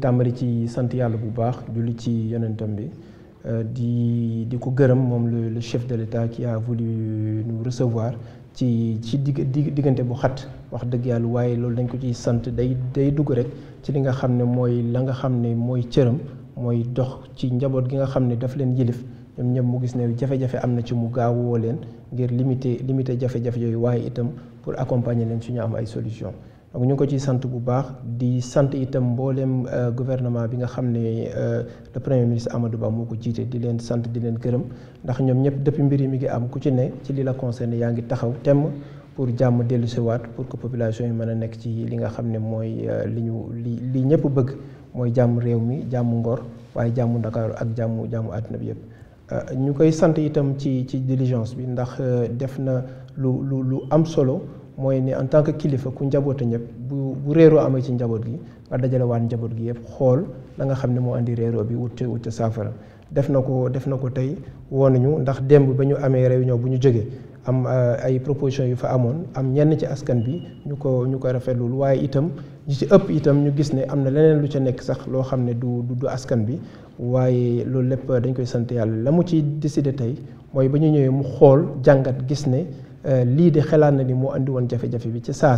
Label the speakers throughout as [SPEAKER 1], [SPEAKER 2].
[SPEAKER 1] tàmbali ci sant yàlla bu baax julli ci yonentam bi euh, di di ko gërëm moom lu le chef de l'État qui a voulu nous recevoir ci ci digg diggante bu xat wax dëgg yàlla waaye loolu dañ ko ci sant day day dugg rek ci li nga xam ne mooy la nga xam ne mooy cëram mooy dox ci njaboot gi nga xam ne daf leen yilif ñoom ñëpp mu gis ne jafe-jafe am na ci mu gaaw woo leen ngir limiter limiter jafe-jafe yooyu waaye itam pour accompagner leen suñu am ay solution donc ñu ngi ko ci sant bu baax di sant itam mbooleem euh, gouvernement bi nga xam ne euh, le premier ministre Amadou Ba moo ko jiite di leen sant di leen gërëm ndax ñoom ñëpp depuis mbir mi ngi am ku ci ne ci li la concerné yaa ngi taxaw temm pour jàmm dellu siwaat pour que population yi mën a nekk ci li nga xam ne mooy euh, li ñu li li ñëpp bëgg mooy jàmm réew mi jàmm ngor waaye jàmm Ndakaaru ak jàmm jàmm àdduna bi yëpp ñu koy sant itam ci ci diligence bi ndax def na lu lu lu am solo mooy ne en tant que kilifa ku njaboote ñëpp bu bu réeroo amee ci njaboot gi nga dajale waat njaboot gi yëpp xool la nga xam ne moo indi réeroo bi wut ca saafara def na ko def na ko tey woo nañu ndax démb ba ñu amee réunion bu ñu jógee am euh, ay proposition yu fa amoon am ñenn ci askan bi ñu ko ñu ko rafetlul waaye itam ñu ci ëpp itam ñu gis ne am na leneen lu ca nekk sax loo xam ne du du askan bi waaye loolu lépp dañ koy sant yàlla la mu ci décidé tey mooy ba ñu ñëwee mu xool jàngat gis ne. Euh, lii de xalaat na ni moo indi woon jafe-jafe bi ci sa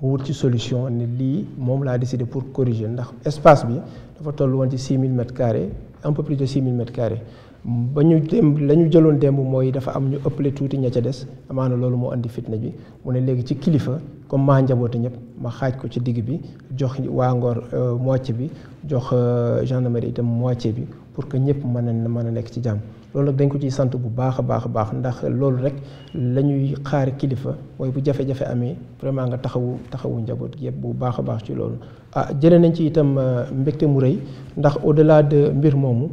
[SPEAKER 1] wut ci solution ne lii moom laa décidé pour corriger ndax espace bi dafa toll woon ci 6000 mètres carrés un peu plus de 6000 mètres carrés ba ñu démb la ñu jëloon démb mooy dafa am ñu ëppale tuuti ña ca des amaana loolu moo indi fitna bi mu ne léegi ci kilifa comme maa njaboote ñëpp ma xaaj ko ci digg bi jox waa Ngor euh, moitié bi jox euh, gendarmerie itam moitié bi pour que ñëpp mën a mën a nekk ci jàmm loolu nag dañ ko ciy sant bu baax baax a baax ndax loolu rek la ñuy xaar kilifa mooy bu jafe-jafe amee vraiment nga taxawu taxawu njaboot gi yëpp bu baax a baax ci loolu. ah jële nañ ci itam euh, mbégte mu rëy ndax au mbir moomu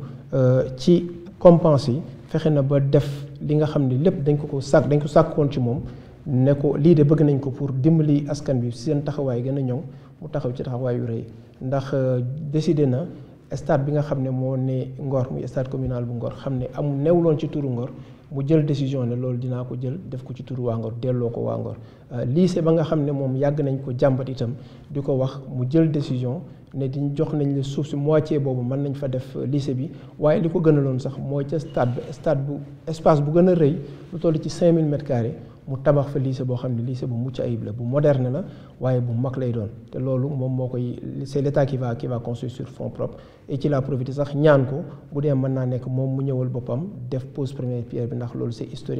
[SPEAKER 1] ci. compense yi fexe na ba def li nga xam ne lépp dañ ko ko sàkk dañ ko sàkkoon ci moom ne ko lii de bëgg nañ ko pour dimbali askan bi seen taxawaay gën a ñoŋ mu taxaw ci taxawaay yu rëy ndax euh, décidé na stade bi nga xam ne moo ne Ngor muy stade communal bu Ngor xam ne amul newuloon ci turu Ngor mu jël décision ne loolu dinaa ko jël def ko ci turu waa Ngor delloo ko waa Ngor euh, lycée ba nga xam ne moom yàgg nañ ko jàmbat itam di ko wax mu jël décision. ne di jox nañ la suuf si ci boobu mën nañ fa def euh, lycée bi waaye li ko gënaloon sax mooy ca stade bi stade bu espace bu gën a rëy lu toll ci 5000 mètres carrés mu tabax fa lycée boo xam ne lycée bu mucc ayib la bu moderne la waaye bu mag lay doon te loolu moom moo koy c'est l'État qui va qui va construire sur fonds propres et ci la profité sax ñaan ko bu dee mën naa nekk moom mu ñëwal boppam def pose première pierre bi ndax loolu c'est historique